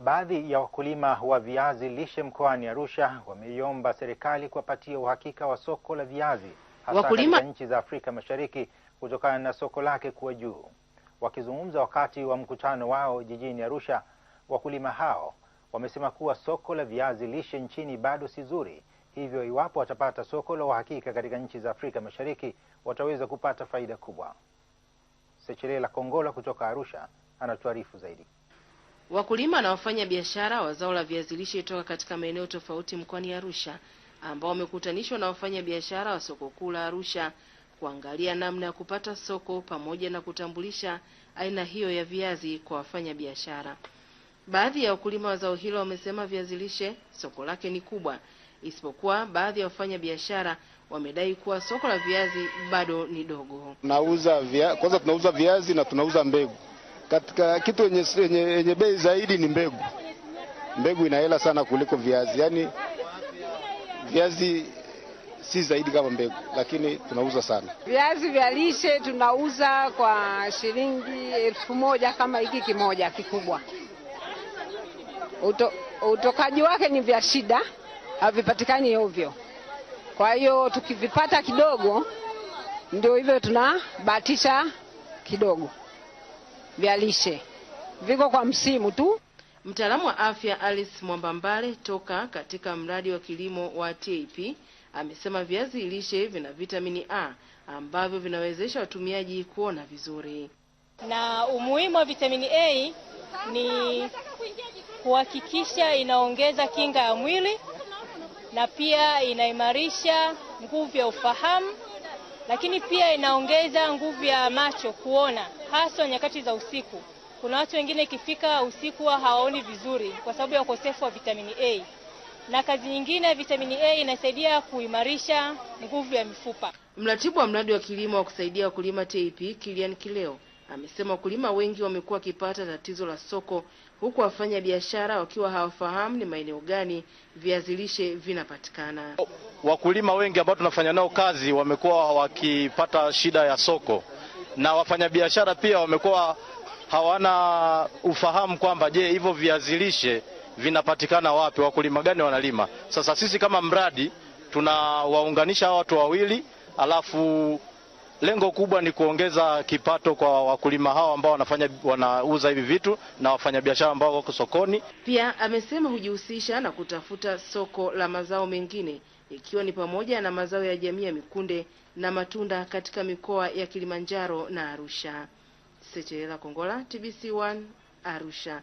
Baadhi ya wakulima wa viazi lishe mkoani Arusha wameiomba serikali kuwapatia uhakika wa soko la viazi hasa wakulima... katika nchi za Afrika Mashariki kutokana na soko lake kuwa juu. Wakizungumza wakati wa mkutano wao jijini Arusha, wakulima hao wamesema kuwa soko la viazi lishe nchini bado si zuri, hivyo iwapo watapata soko la uhakika katika nchi za Afrika Mashariki wataweza kupata faida kubwa. Sechelela Kongola kutoka Arusha anatuarifu zaidi. Wakulima na wafanya biashara wa zao la viazi lishe toka katika maeneo tofauti mkoani Arusha ambao wamekutanishwa na wafanya biashara wa soko kuu la Arusha kuangalia namna ya kupata soko pamoja na kutambulisha aina hiyo ya viazi kwa wafanya biashara. Baadhi ya wakulima wa zao hilo wamesema viazi lishe soko lake ni kubwa, isipokuwa baadhi ya wafanya biashara wamedai kuwa soko la viazi bado ni dogo. Tunauza via, kwanza tunauza viazi na tunauza mbegu katika kitu yenye bei zaidi ni mbegu. Mbegu ina hela sana kuliko viazi, yaani viazi si zaidi kama mbegu, lakini tunauza sana viazi vya lishe. Tunauza kwa shilingi elfu moja kama hiki kimoja kikubwa. Uto, utokaji wake ni vya shida, havipatikani ovyo. Kwa hiyo tukivipata kidogo, ndio hivyo tunabatisha kidogo vya lishe viko kwa msimu tu. Mtaalamu wa afya Alice Mwambambale toka katika mradi wa kilimo wa TAP amesema viazi lishe vina vitamini A ambavyo vinawezesha watumiaji kuona vizuri. Na umuhimu wa vitamini A ni kuhakikisha inaongeza kinga ya mwili na pia inaimarisha nguvu ya ufahamu lakini pia inaongeza nguvu ya macho kuona, haswa nyakati za usiku. Kuna watu wengine ikifika usiku hawaoni vizuri kwa sababu ya ukosefu wa vitamini A, na kazi nyingine vitamini A inasaidia kuimarisha nguvu ya mifupa. Mratibu wa mradi wa kilimo wa kusaidia wakulima TAP Kilian Kileo amesema wakulima wengi wamekuwa wakipata tatizo la soko, huku wafanya biashara wakiwa hawafahamu ni maeneo gani viazi lishe vinapatikana. Wakulima wengi ambao tunafanya nao kazi wamekuwa wakipata shida ya soko, na wafanyabiashara pia wamekuwa hawana ufahamu kwamba, je, hivyo viazi lishe vinapatikana wapi? Wakulima gani wanalima? Sasa sisi kama mradi tunawaunganisha hawa watu wawili alafu Lengo kubwa ni kuongeza kipato kwa wakulima hao ambao wanafanya wanauza hivi vitu na wafanyabiashara ambao wako sokoni. Pia amesema hujihusisha na kutafuta soko la mazao mengine ikiwa ni pamoja na mazao ya jamii ya mikunde na matunda katika mikoa ya Kilimanjaro na Arusha. Sechelela Kongola, TBC1, Arusha.